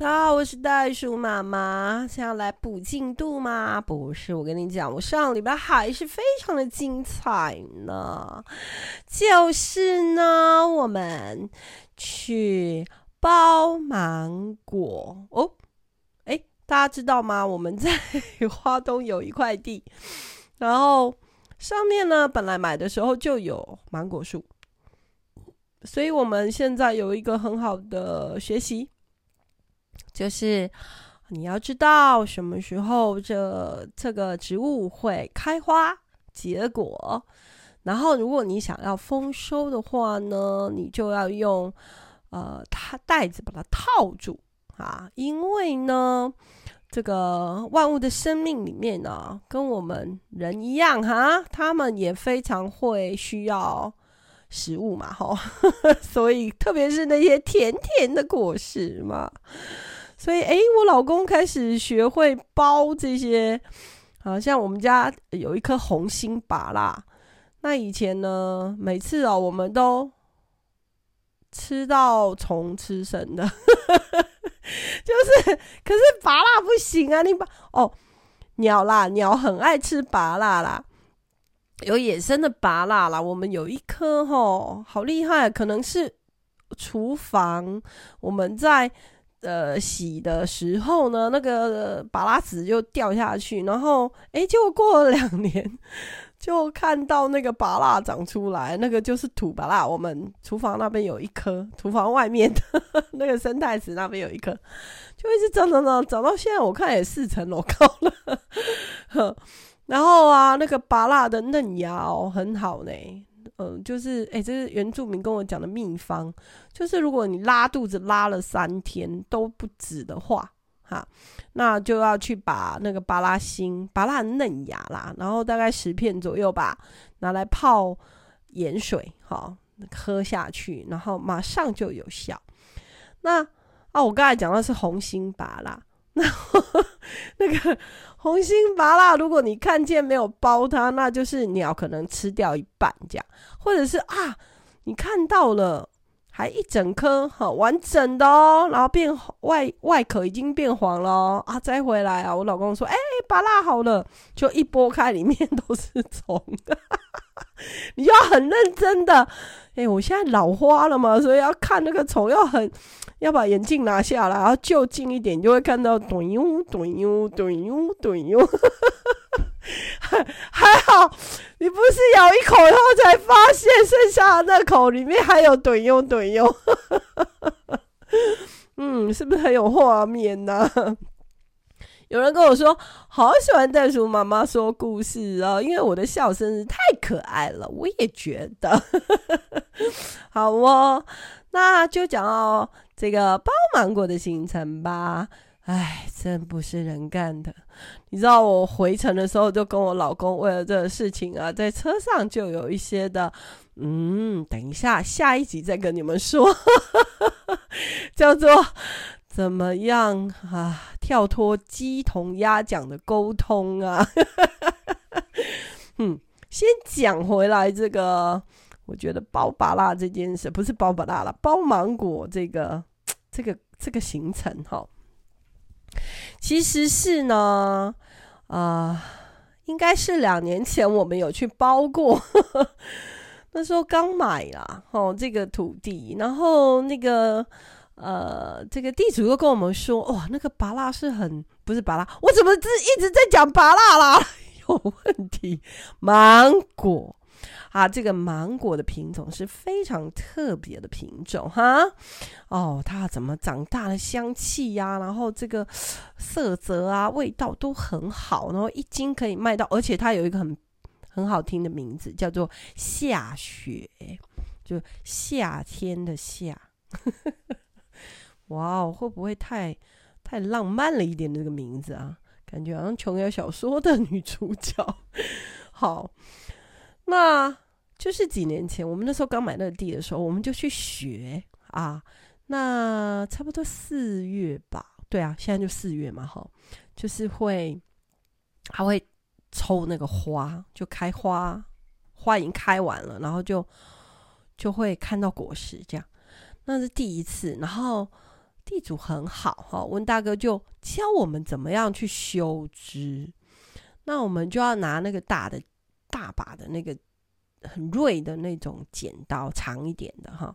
大家好，我是袋鼠媽媽。想要來補進度嗎？不是，我跟你講，我上禮拜還是非常的精彩呢。就是呢，我們去包芒果哦。哎，大家知道嗎？我們在花東有一塊地，然後上面呢，本來買的時候就有芒果樹，所以我們現在有一個很好的學習。就是你要知道什麼時候這這個植物會開花結果，然後如果你想要豐收的話呢，你就要用呃它袋子把它套住啊，因為呢這個萬物的生命裡面呢，跟我們人一樣哈、啊，他們也非常會需要食物嘛哈，吼 所以特別是那些甜甜的果實嘛。所以，哎，我老公開始學會包這些，好像我們家有一顆紅心芭樂。那以前呢，每次哦，我們都吃到蟲吃剩的， 就是，可是芭樂不行啊，你把哦，鳥啦，鳥很愛吃芭樂啦，有野生的芭樂啦，我們有一顆哈、哦，好厲害，可能是廚房，我們在。呃，洗的時候呢，那個芭、呃、樂籽就掉下去，然後誒，結果過了兩年，就看到那個芭樂長出來，那個就是土芭樂。我們廚房那邊有一棵，廚房外面的呵呵那個生態池那邊有一棵，就一直長、長、長，長到現在，我看也四層樓高了呵。然後啊，那個芭樂的嫩芽哦，很好呢。嗯、呃，就是，誒，這是原住民跟我講的秘方，就是如果你拉肚子拉了三天都不止的話，哈，那就要去把那個芭樂心、芭樂嫩芽啦，然後大概十片左右吧，拿來泡鹽水，哈，喝下去，然後馬上就有效。那啊、哦，我剛才講到是紅心芭樂，那。呵呵那個紅心芭樂，如果你看見沒有包它，那就是鳥可能吃掉一半這樣，或者是啊，你看到了還一整顆好、哦、完整的哦，然後變外外殼已經變黃了、哦、啊，摘回來啊，我老公說哎，芭、欸、樂好了，就一剝開裡面都是蟲， 你要很認真的，哎、欸，我現在老花了嘛，所以要看那個蟲要很。要把眼鏡拿下來，然後就近一點，你就會看到“懟喲懟喲懟喲懟喲”，還好你不是咬一口然後才發現剩下的那口裡面還有叮叮叮叮叮“懟喲懟喲”。嗯，是不是很有畫面呢、啊？ 有人跟我說好喜歡袋鼠媽媽說故事啊、哦，因為我的笑聲是太可愛了。我也覺得， 好哦，那就講哦。這個包芒果的行程吧，唉，真不是人幹的。你知道我回程的時候，就跟我老公為了這個事情啊，在車上就有一些的，嗯，等一下下一集再跟你們說，呵呵呵叫做怎麼樣啊？跳脫雞同鴨講的溝通啊呵呵呵，嗯，先講回來這個，我覺得包芭樂這件事不是包芭樂了，包芒果這個。這個這個行程哈、哦，其實是呢，啊、呃，應該是兩年前我們有去包過呵呵，那時候剛買啦，哦，這個土地，然後那個呃，這個地主又跟我們說，哇、哦，那個芭樂是很，不是芭樂，我怎麼是一直在講芭樂啦？有問題，芒果。啊，這個芒果的品種是非常特別的品種哈。哦，它怎麼長大的香氣呀、啊？然後這個色澤啊、味道都很好，然後一斤可以賣到，而且它有一個很很好聽的名字，叫做“夏雪”，就夏天的“夏。” 哇哦，會不會太太浪漫了一點？這個名字啊，感覺好像瓊瑤小說的女主角。好。那就是幾年前，我們那時候剛買那個地的時候，我們就去學啊。那差不多四月吧，對啊，現在就四月嘛，哈，就是會，還會抽那個花，就開花，花已經開完了，然後就就會看到果實這樣。那是第一次，然後地主很好哈，溫大哥就教我們怎麼樣去修枝，那我們就要拿那個大的。大把的那個很銳的那種剪刀，長一點的哈，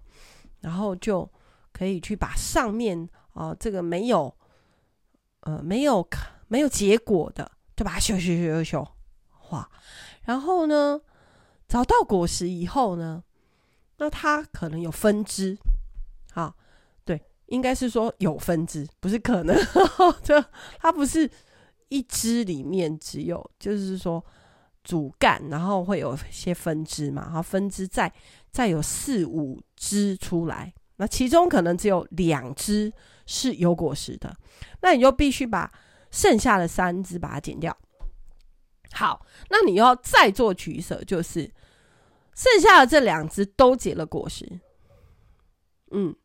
然後就可以去把上面哦、呃，這個沒有呃沒有沒有結果的，就把它修修修修修，哇！然後呢，找到果實以後呢，那它可能有分支，啊，對，應該是說有分支，不是可能呵呵，就它不是一支裡面只有，就是說。主幹，然後會有一些分支嘛，然後分支再再有四五枝出來，那其中可能只有兩枝是有果實的，那你就必須把剩下的三枝把它剪掉。好，那你又要再做取捨，就是剩下的這兩枝都結了果實。嗯，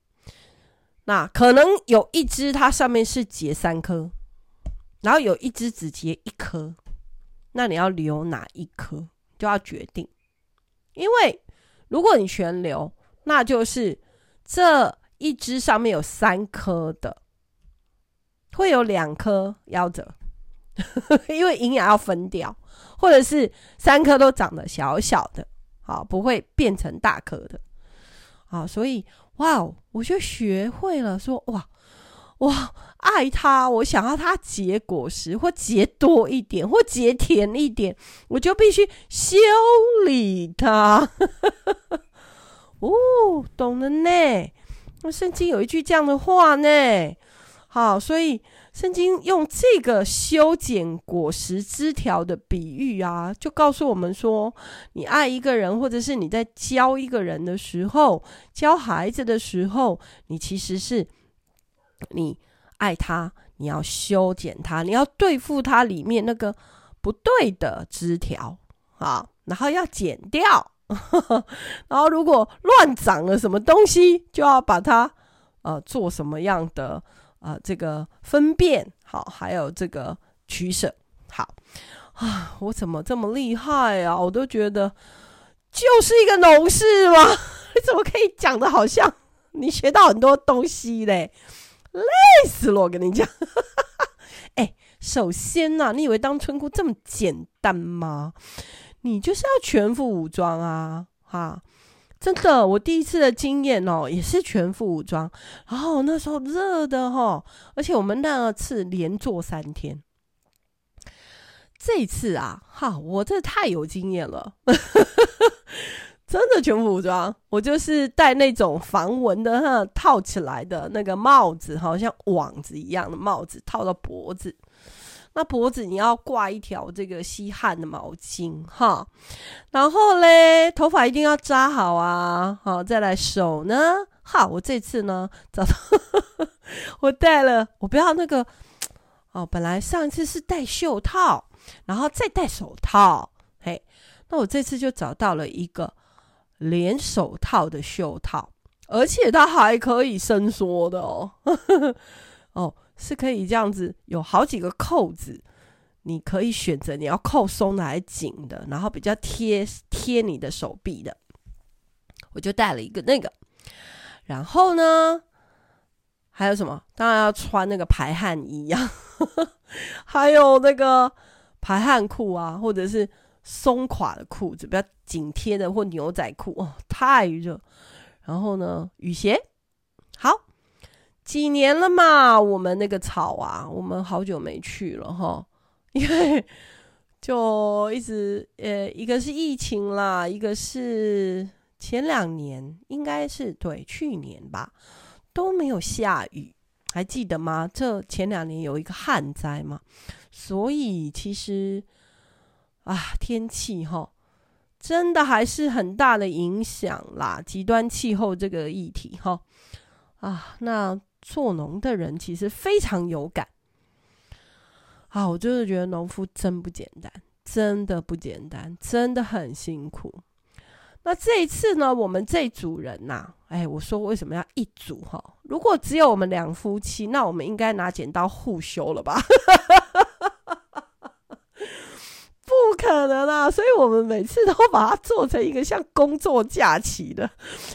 那可能有一枝它上面是結三顆，然後有一枝只結一顆。那你要留哪一顆，就要決定，因為如果你全留，那就是這一枝上面有三顆的，會有兩顆夭折，呵呵，因為營養要分掉，或者是三顆都長得小小的，啊，不會變成大顆的，啊，所以哇，我就學會了說，哇。我愛他，我想要他結果實或結多一點或結甜一點，我就必須修理他。 哦，懂了呢。那聖經有一句這樣的話呢。好，所以聖經用這個修剪果實枝條的比喻啊，就告訴我們說，你愛一個人或者是你在教一個人的時候，教孩子的時候，你其實是。你愛它，你要修剪它，你要對付它裡面那個不對的枝條啊，然後要剪掉呵呵。然後如果亂長了什麼東西，就要把它呃做什麼樣的啊、呃、這個分辨好，還有這個取捨好啊。我怎麼這麼厲害啊？我都覺得就是一個農事嘛。你怎麼可以講的，好像你學到很多東西嘞？累死了，我跟你講，哎、 欸，首先呢、啊，你以為當村姑這麼簡單嗎？你就是要全副武裝啊，哈，真的，我第一次的經驗哦，也是全副武裝，然、哦、後那時候熱的哦，而且我們那次連做三天，這一次啊，哈，我真的太有經驗了。 真的全副武裝，我就是戴那種防蚊的哈套起來的那個帽子，好像網子一樣的帽子套到脖子。那脖子你要掛一條這個吸汗的毛巾哈。然後嘞，頭髮一定要扎好啊。好，再來手呢？好，我這次呢找到呵呵呵，我戴了，我不要那個。哦，本來上一次是戴袖套，然後再戴手套。嘿，那我這次就找到了一個。連手套的袖套，而且它還可以伸縮的哦， 哦，是可以這樣子，有好幾個扣子，你可以選擇你要扣鬆的還是緊的，然後比較貼貼你的手臂的。我就戴了一個那個，然後呢，還有什麼？當然要穿那個排汗衣啊， 還有那個排汗褲啊，或者是。鬆垮的褲子，不要緊貼的或牛仔褲哦，太熱。然後呢，雨鞋。好，幾年了嘛，我們那個草啊，我們好久沒去了哈，因為就一直呃、欸，一個是疫情啦，一個是前兩年應該是對去年吧都沒有下雨，還記得嗎？這前兩年有一個旱災嘛，所以其實。啊，天氣哈，真的還是很大的影響啦。極端氣候這個議題哈，啊，那做農的人其實非常有感。啊，我就是覺得農夫真不簡單，真的不簡單，真的很辛苦。那這一次呢，我們這組人吶，啊，哎，我說為什麼要一組哈？如果只有我們兩夫妻，那我們應該拿剪刀互修了吧？ 不可能啦、啊，所以我們每次都把它做成一個像工作假期的，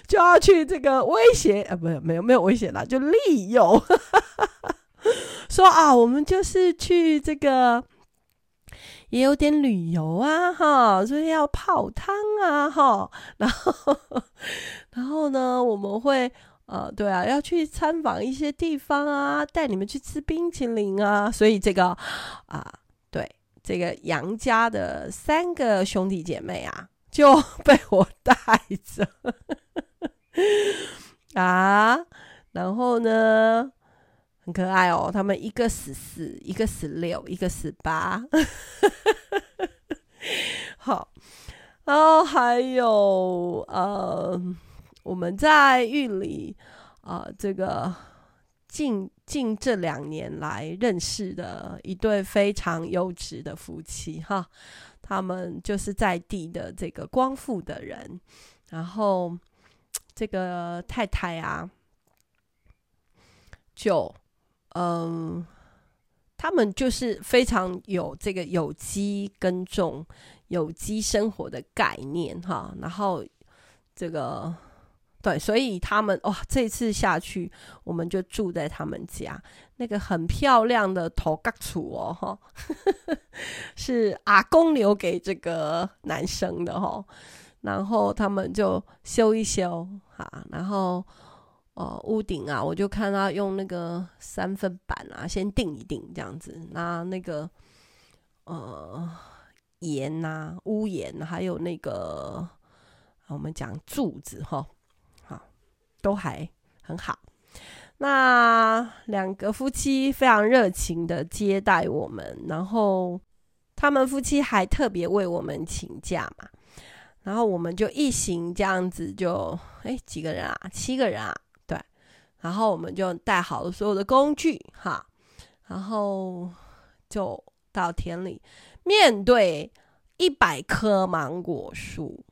就要去這個威脅啊，沒有沒有沒有威脅啦，就利用呵呵呵說啊，我們就是去這個也有點旅遊啊，哈，所以要泡湯啊，哈，然後呵呵然後呢，我們會呃，對啊，要去參訪一些地方啊，帶你們去吃冰淇淋啊，所以這個啊。這個楊家的三個兄弟姐妹啊，就被我帶着 啊，然後呢，很可愛哦，他們一個十四，一個十六，一個十八， 好，然後還有呃，我們在玉里啊、呃，這個進，近近這兩年來認識的一對非常優質的夫妻哈，他們就是在地的這個光復的人，然後這個太太啊，就嗯，他們就是非常有這個有機耕種、有機生活的概念哈，然後這個。對，所以他們哇、哦，這次下去我們就住在他們家那個很漂亮的頭角厝哦，哈、哦，是阿公留給這個男生的哦。然後他們就修一修哈、啊，然後哦、呃，屋頂啊，我就看他用那個三分板啊，先釘一釘這樣子，那那個呃簷吶、啊，屋檐還有那個、啊、我們講柱子哈。哦都還很好，那兩個夫妻非常熱情的接待我們，然後他們夫妻還特別為我們請假嘛，然後我們就一行這樣子就哎幾個人啊，七個人啊，對，然後我們就帶好了所有的工具哈，然後就到田裡面對一百棵芒果樹。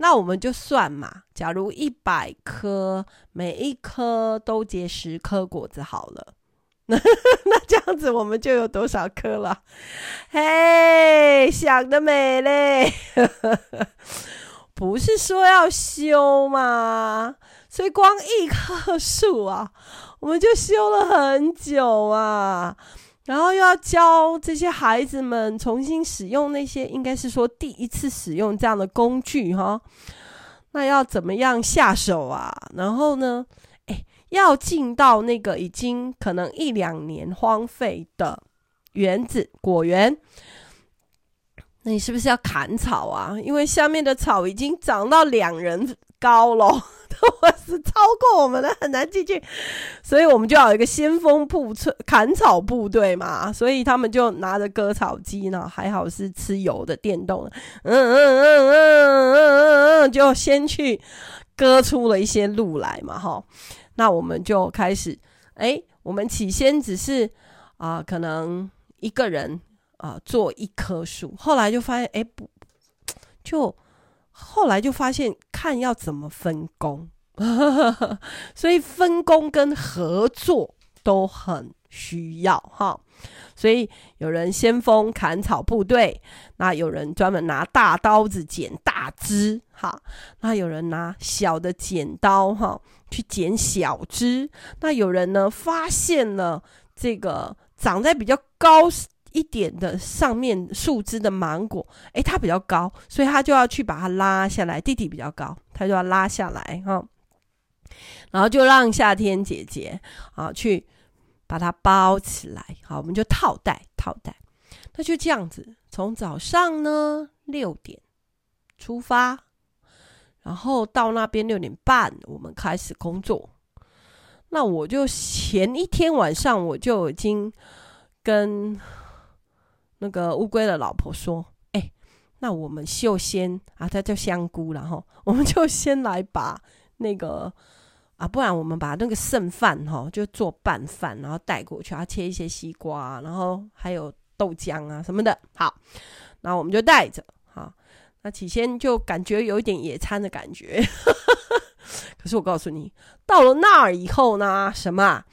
那我們就算嘛，假如一百棵，每一棵都結十顆果子好了，那 那這樣子我們就有多少顆了？嘿、hey，想得美嘞！ 不是說要修嗎？所以光一棵樹啊，我們就修了很久啊。然後又要教這些孩子們重新使用那些，應該是說第一次使用這樣的工具哈。那要怎麼樣下手啊？然後呢，哎，要進到那個已經可能一兩年荒廢的園子、果園，那你是不是要砍草啊？因為下面的草已經長到兩人高了。都 是超過我們的，很難進去，所以我們就要有一個先鋒部砍草部隊嘛，所以他們就拿着割草機呢，還好是吃油的電動，嗯嗯嗯嗯嗯嗯嗯，就先去割出了一些路來嘛，哈，那我們就開始，哎，我們起先只是啊、呃，可能一個人啊、呃，做一棵樹，後來就發現，哎不，就。後來就發現，看要怎麼分工， 所以分工跟合作都很需要哈。所以有人先鋒砍草部隊，那有人專門拿大刀子剪大枝哈，那有人拿小的剪刀哈去剪小枝，那有人呢發現了這個長在比較高。一點的上面樹枝的芒果，哎、欸，它比較高，所以他就要去把它拉下來。弟弟比較高，他就要拉下來，哦，然後就讓夏天姐姐啊去把它包起來，好，我們就套袋套袋。那就這樣子，從早上呢六點出發，然後到那邊六點半，我們開始工作。那我就前一天晚上我就已經跟。那個烏龜的老婆說：“哎、欸，那我們就先啊，他叫香菇，然後我們就先來把那個啊，不然我們把那個剩飯哈、哦，就做拌飯，然後帶過去，然後切一些西瓜，然後還有豆漿啊什麼的。好，那我們就帶着哈。那起先就感覺有一點野餐的感覺， 可是我告訴你，到了那兒以後呢，什麼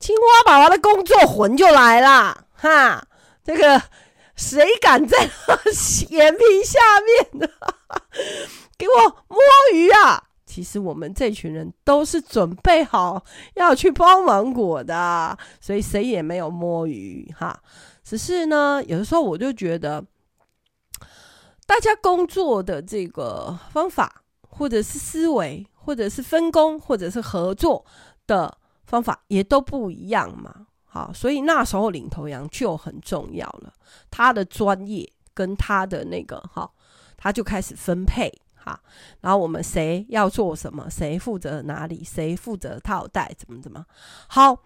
青蛙爸爸的工作魂就來了哈，這個。”誰敢在他眼皮下面的 給我摸魚啊？其實我們這群人都是準備好要去包芒果的，所以誰也沒有摸魚哈。只是呢，有的時候我就覺得，大家工作的這個方法，或者是思維，或者是分工，或者是合作的方法，也都不一樣嘛。啊，所以那時候領頭羊就很重要了。他的專業跟他的那個哈，他就開始分配哈。然後我們誰要做什麼，誰負責哪裡，誰負責套袋，怎麼怎麼好。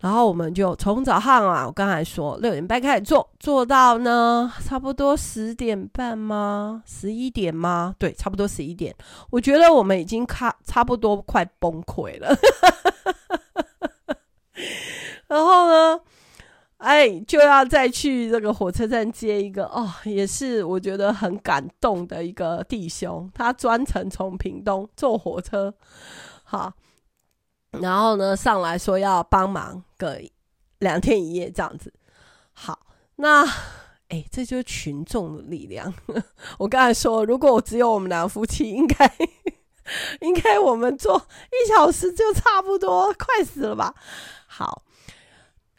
然後我們就從早上啊，我剛才說六點半開始做，做到呢，差不多十點半嗎？十一點嗎？對，差不多十一點。我覺得我們已經差差不多快崩潰了。 然後呢，哎，就要再去這個火車站接一個哦，也是我覺得很感動的一個弟兄，他專程從屏東坐火車，好，然後呢上來說要幫忙個兩天一夜這樣子，好，那哎，這就是群眾的力量。 我剛才說，如果我只有我們兩夫妻，應該應該我們坐一小時就差不多快死了吧？好。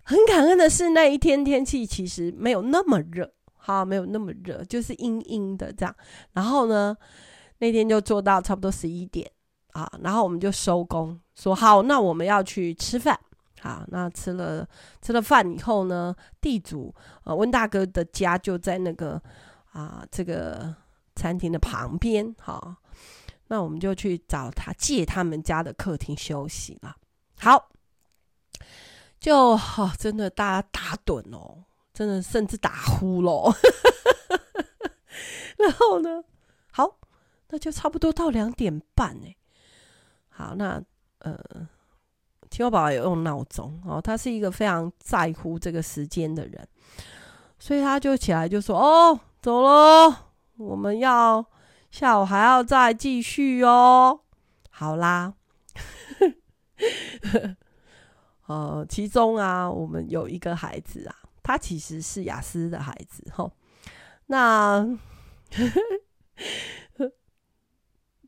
很感恩的是，那一天天氣其實沒有那麼熱，好，沒有那麼熱，就是陰陰的這樣。然後呢，那天就做到差不多十一點啊，然後我們就收工，說好，那我們要去吃飯，好，那吃了吃了飯以後呢，地主呃溫大哥的家就在那個啊這個餐廳的旁邊，好，那我們就去找他借他們家的客廳休息了。好。就好、哦，真的大家打盹哦，真的甚至打呼咯。 然後呢，好，那就差不多到兩點半呢。好，那呃，聽我寶寶有用鬧鐘哦，他是一個非常在乎這個時間的人，所以他就起來就說：“哦，走嘍，我們要下午還要再繼續哦。”好啦。 呃，其中啊，我們有一個孩子啊，他其實是雅思的孩子哈。那，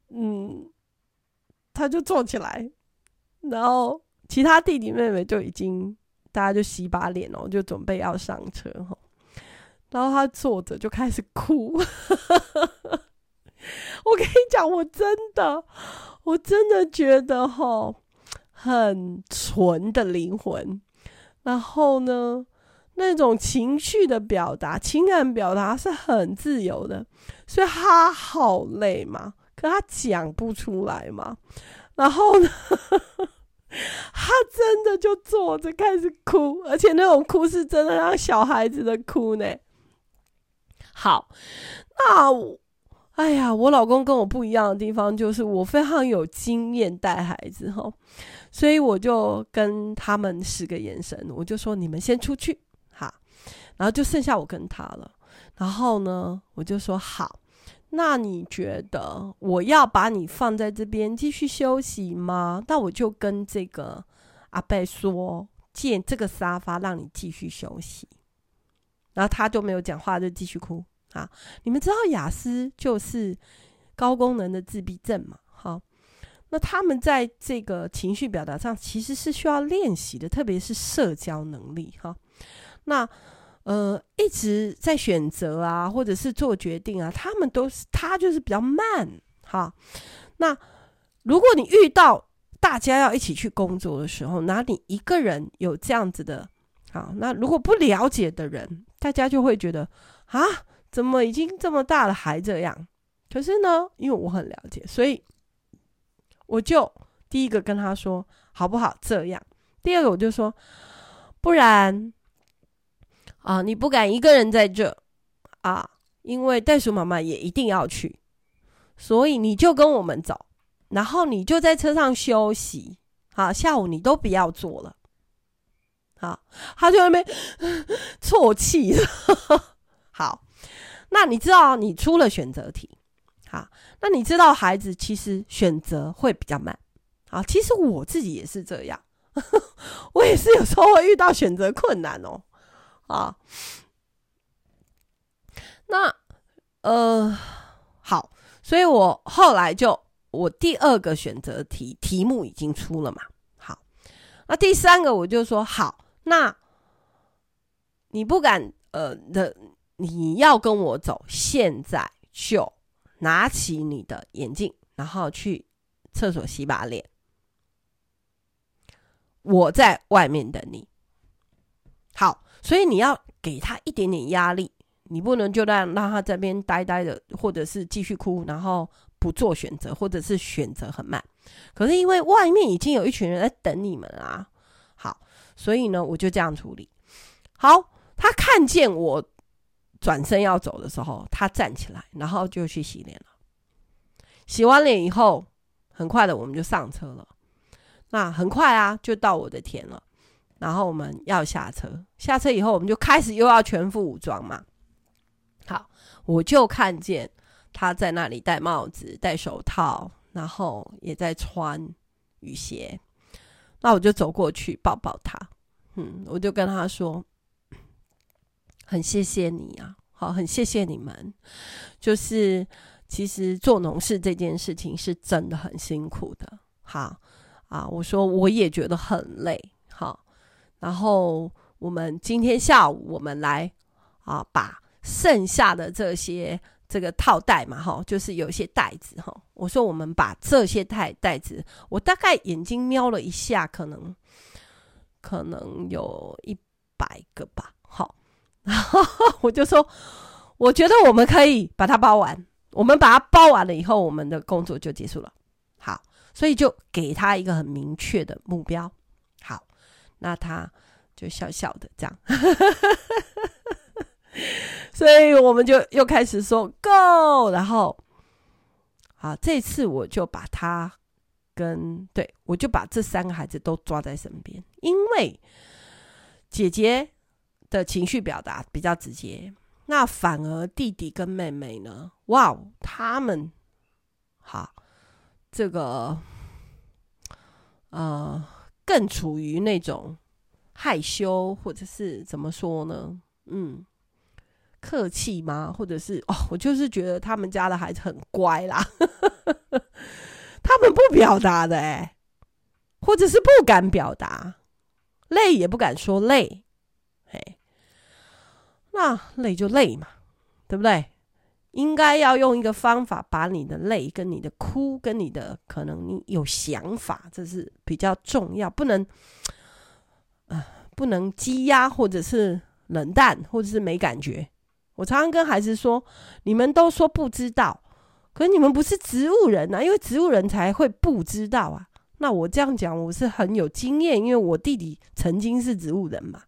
嗯，他就坐起來，然後其他弟弟妹妹就已經大家就洗把臉哦、喔，就準備要上車哈。然後他坐着就開始哭， 我跟你講，我真的，我真的覺得齁。很純的靈魂，然後呢，那種情緒的表達、情感表達是很自由的，所以他好累嘛，可他講不出來嘛，然後呢， 他真的就坐着開始哭，而且那種哭是真的讓小孩子的哭呢。好，那我。哎呀，我老公跟我不一樣的地方就是我非常有經驗帶孩子哦，所以我就跟他們使個眼神，我就說，你們先出去。好，然後就剩下我跟他了。然後呢，我就說，好，那你覺得我要把你放在這邊繼續休息嗎？那我就跟這個阿伯說借這個沙發讓你繼續休息，然後他就沒有講話，就繼續哭。啊，你們知道亞斯就是高功能的自閉症嘛？哈、啊，那他們在這個情緒表達上其實是需要練習的，特別是社交能力。哈、啊，那呃，一直在選擇啊，或者是做決定啊，他們都是他就是比較慢。哈、啊，那如果你遇到大家要一起去工作的時候，那你一個人有這樣子的，好、啊，那如果不了解的人，大家就會覺得啊。怎麼已經這麼大了還這樣？可是呢，因為我很了解，所以我就第一個跟他說好不好這樣。第二個我就說，不然啊，你不敢一個人在這啊，因為袋鼠媽媽也一定要去，所以你就跟我們走，然後你就在車上休息。啊，下午你都不要做了。好、啊，他就在那邊啜泣。好。那你知道你出了選擇題，好，那你知道孩子其實選擇會比較慢，好，其實我自己也是這樣，呵呵，我也是有時候會遇到選擇困難哦，啊，那呃，好，所以我後來就，我第二個選擇題題目已經出了嘛，好，那第三個我就說，好，那你不敢呃的。你要跟我走，現在就拿起你的眼鏡，然後去廁所洗把臉。我在外面等你。好，所以你要給他一點點壓力，你不能就讓讓他這邊呆呆的，或者是繼續哭，然後不做選擇，或者是選擇很慢。可是因為外面已經有一群人在等你們啊，好，所以呢，我就這樣處理。好，他看見我。轉身要走的時候，他站起來，然後就去洗臉了。洗完臉以後，很快的我們就上車了。那很快啊，就到我的田了。然後我們要下車，下車以後，我們就開始又要全副武裝嘛。好，我就看見他在那裡戴帽子、戴手套，然後也在穿雨鞋。那我就走過去抱抱他，嗯，我就跟他說。很謝謝你啊，好，很謝謝你們。就是其實做農事這件事情是真的很辛苦的，哈啊，我說我也覺得很累，哈。然後我們今天下午我們來啊，把剩下的這些這個套袋嘛，哈，就是有一些袋子哈。我說我們把這些袋袋子，我大概眼睛瞄了一下，可能可能有一百個吧。然後我就說，我覺得我們可以把它包完。我們把它包完了以後，我們的工作就結束了。好，所以就給他一個很明確的目標。好，那他就笑笑的這樣。 所以我們就又開始說 “go”。然後，好，這次我就把他跟，對，我就把這三個孩子都抓在身邊，因為姐姐。的情緒表達比較直接，那反而弟弟跟妹妹呢？哇，他們好這個呃，更處於那種害羞，或者是怎麼說呢？嗯，客氣嗎？或者是哦，我就是覺得他們家的孩子很乖啦， 他們不表達的欸，或者是不敢表達，累也不敢說累，欸。那累就累嘛，對不對？應該要用一個方法，把你的累，跟你的哭，跟你的可能你有想法，這是比較重要，不能啊，呃，不能積壓，或者是冷淡，或者是沒感覺。我常常跟孩子說：“你們都說不知道，可是你們不是植物人啊，因為植物人才會不知道啊。”那我這樣講，我是很有經驗，因為我弟弟曾經是植物人嘛。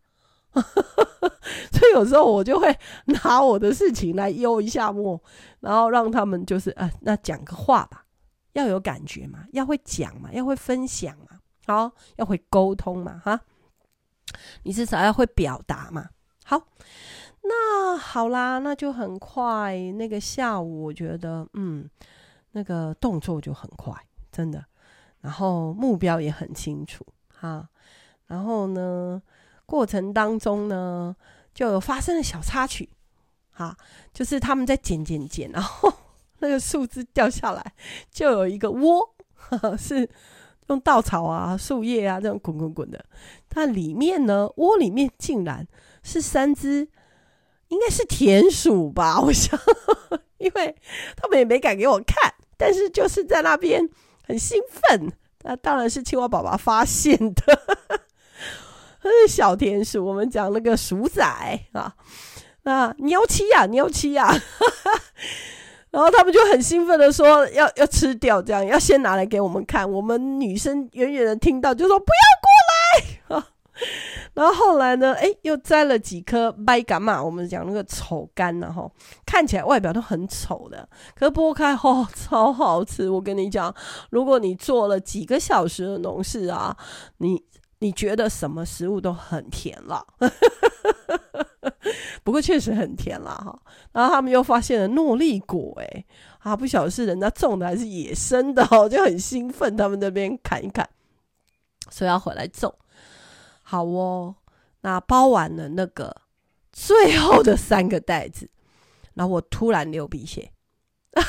所以有時候我就會拿我的事情來悠一下默，然後讓他們就是啊、呃，那講個話吧，要有感覺嘛，要會講嘛，要會分享嘛，好，要會溝通嘛，哈，你至少要會表達嘛。好，那好啦，那就很快。那個下午我覺得，嗯，那個動作就很快，真的。然後目標也很清楚，哈。然後呢？過程當中呢，就有發生了小插曲，啊，就是他們在剪剪剪，然後那個樹枝掉下來，就有一個窩，是用稻草啊、樹葉啊這種滾滾滾的，但裡面呢，窩裡面竟然是三隻，應該是田鼠吧，我想呵呵，因為他們也沒敢給我看，但是就是在那邊很興奮，那、啊、當然是青蛙爸爸發現的。呵呵小田鼠，我們講那個鼠仔啊，那、啊，你要吃呀、啊，你要吃呀、啊，然後他們就很興奮的說要要吃掉，這樣要先拿來給我們看。我們女生遠遠的聽到就說不要過來、啊。然後後來呢，哎，又摘了幾顆白甘嘛，我們講那個醜柑吶哈，看起來外表都很醜的，可剝開哈、哦，超好吃。我跟你講，如果你做了幾個小時的農事啊，你。你覺得什麼食物都很甜了。 不過確實很甜啦、哦，然後他們又發現了諾麗果，哎，啊不曉得是人家種的還是野生的、哦，就很興奮。他們那邊砍一砍，說要回來種。好哦，那包完了那個最後的三個袋子，然後我突然流鼻血。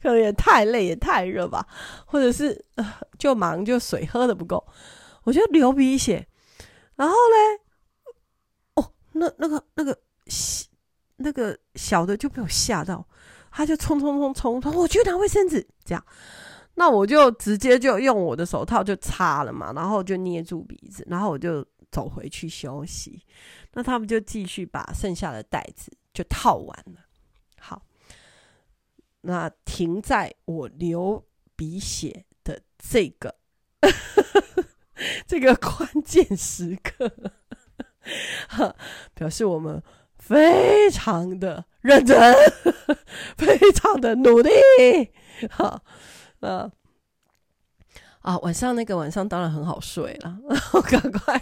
可能也太累，也太熱吧，或者是、呃、就忙就水喝得不夠，我就流鼻血。然後呢，哦，那那個那個那個小的就被我嚇到，他就衝衝衝衝，衝，我去拿衛生紙。這樣，那我就直接就用我的手套就擦了嘛，然後就捏住鼻子，然後我就走回去休息。那他們就繼續把剩下的袋子就套完了。好。那停在我流鼻血的這個 這個關鍵時刻， 啊，表示我們非常的認真， 非常的努力 好。好啊啊！晚上那個晚上當然很好睡了，然後趕快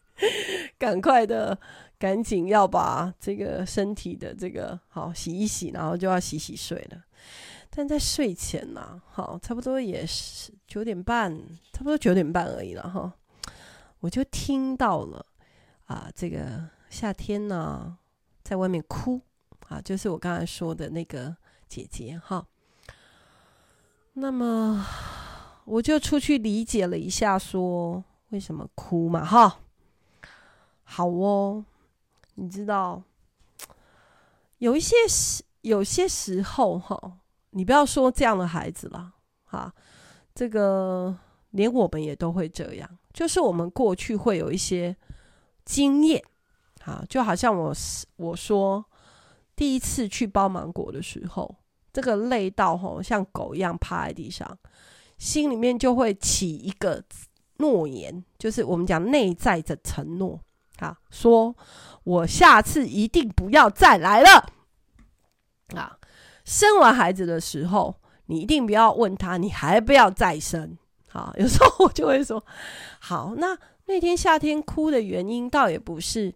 趕快的，趕緊要把這個身體的這個好洗一洗，然後就要洗洗睡了。但在睡前呢、啊，好，差不多也是九點半，差不多九點半而已了哈。我就聽到了啊，這個夏天呢、啊，在外面哭啊，就是我剛才說的那個姐姐哈。那麼我就出去理解了一下，說為什麼哭嘛哈。好哦，你知道有一些事有些時候吼，你不要說這樣的孩子啦，哈、啊，這個連我們也都會這樣，就是我們過去會有一些經驗，啊，就好像我我說第一次去包芒果的時候，這個累到吼像狗一樣趴在地上，心裡面就會起一個諾言，就是我們講內在的承諾，啊，說我下次一定不要再來了。啊，生完孩子的時候，你一定不要問他，你還不要再生？啊，有時候我就會說，好，那那天夏天哭的原因倒也不是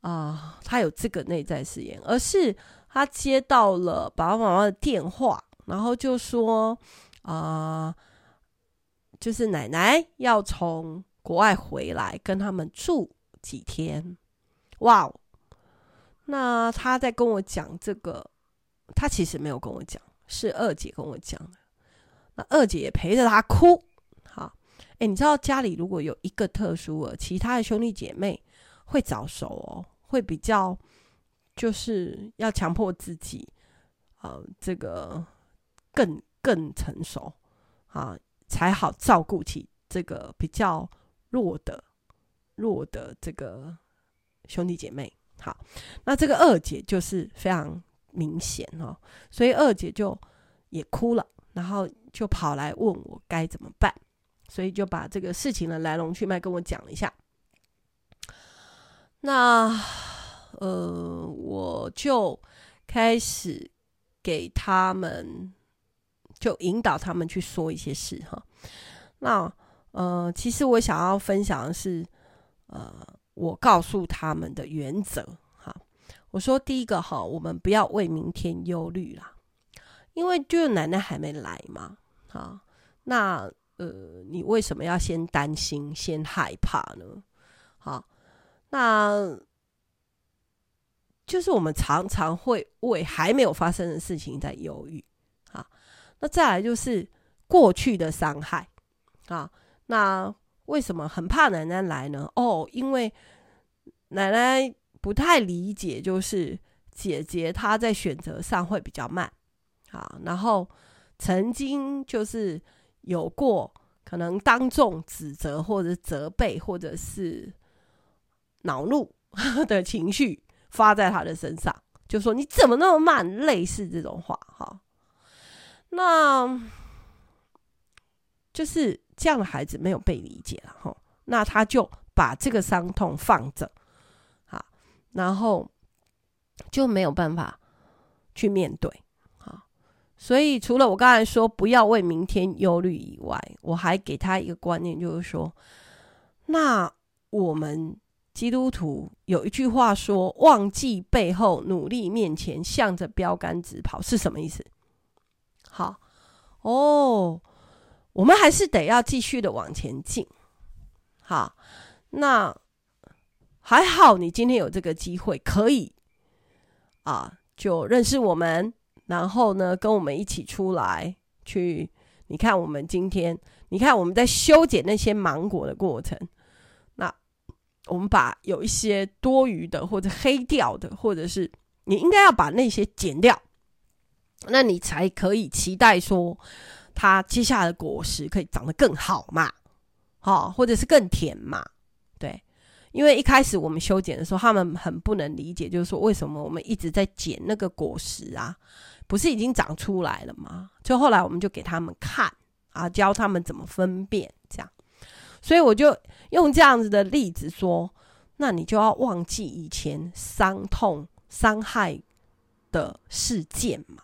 啊、呃，他有這個內在誓言，而是他接到了爸爸媽媽的電話，然後就說啊、呃，就是奶奶要從國外回來跟他們住幾天，哇、哦，那他在跟我講這個。他其實沒有跟我講，是二姐跟我講的。那二姐也陪着他哭。好，哎，你知道家裡如果有一個特殊的，其他的兄弟姐妹會早熟哦，會比較，就是要強迫自己，啊、呃、這個更更成熟啊，才好照顧起這個比較弱的弱的這個兄弟姐妹。好，那這個二姐就是非常。明顯哈、哦，所以二姐就也哭了，然後就跑來問我該怎麼辦，所以就把這個事情的來龍去脈跟我講了一下。那呃，我就開始給他們就引導他們去說一些事哈。那呃，其實我想要分享的是，呃，我告訴他們的原則。我說第一個哈，我們不要為明天憂慮啦，因為就奶奶還沒來嘛，啊，那呃，你為什麼要先擔心、先害怕呢？好、啊，那就是我們常常會為還沒有發生的事情在憂慮。好、啊，那再來就是過去的傷害啊，那為什麼很怕奶奶來呢？哦，因為奶奶。不太理解，就是姐姐她在選擇上會比較慢，啊，然後曾經就是有過可能當眾指責或者責備或者是惱怒的情緒發在她的身上，就說你怎麼那麼慢，類似這種話，哈、哦，那就是這樣的孩子沒有被理解了，哈、哦，那她就把這個傷痛放着。然後就沒有辦法去面對，好，所以除了我剛才說不要為明天憂慮以外，我還給他一個觀念，就是說，那我們基督徒有一句話說：“忘記背後，努力面前，向着標杆直跑”，是什麼意思？好哦，我們還是得要繼續的往前進，好，那。還好，你今天有這個機會，可以啊，就認識我們，然後呢，跟我們一起出來去。你看，我們今天，你看我們在修剪那些芒果的過程，那我們把有一些多餘的，或者黑掉的，或者是你應該要把那些剪掉，那你才可以期待說，它接下來的果實可以長得更好嘛，好、啊，或者是更甜嘛，對。因為一開始我們修剪的時候，他們很不能理解，就是說為什麼我們一直在剪那個果實啊？不是已經長出來了嗎？就後來我們就給他們看啊，教他們怎麼分辨這樣。所以我就用這樣子的例子說，那你就要忘記以前傷痛、傷害的事件嘛。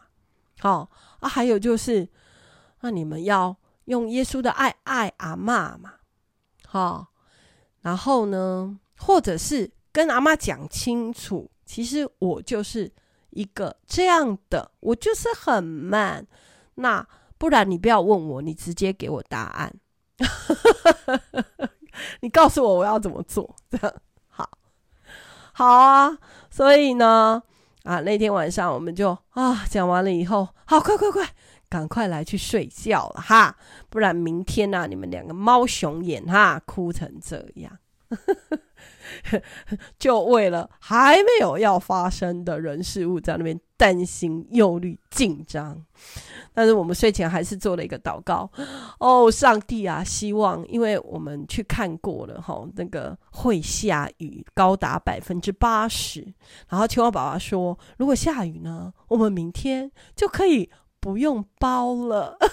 哦，啊，還有就是，那你們要用耶穌的愛愛阿媽嘛。好、哦，然後呢？或者是跟阿媽講清楚，其實我就是一個這樣的，我就是很慢。那不然你不要問我，你直接給我答案， 你告訴我我要怎麼做， 好，好啊。所以呢，啊，那天晚上我們就啊講完了以後，好快快快，趕快來去睡覺了哈，不然明天啊，你們兩個貓熊眼哈哭成這樣。 就為了還沒有要發生的人事物，在那邊擔心、憂慮、緊張。但是我們睡前還是做了一個禱告。哦，上帝啊，希望因為我們去看過了哈，那個會下雨高達百分之八十。然後青蛙爸爸說，如果下雨呢，我們明天就可以不用包了。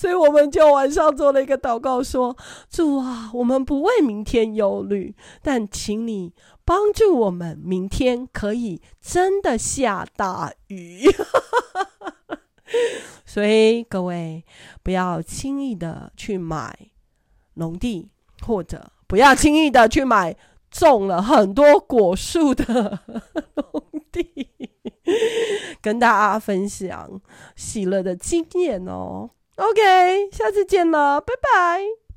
所以我們就晚上做了一個禱告，說：“主啊，我們不為明天憂慮，但請你幫助我們，明天可以真的下大雨。 ”所以各位不要輕易的去買農地，或者不要輕易的去買種了很多果樹的農地。 跟大家分享喜樂的經驗哦。OK，下次見了，拜拜。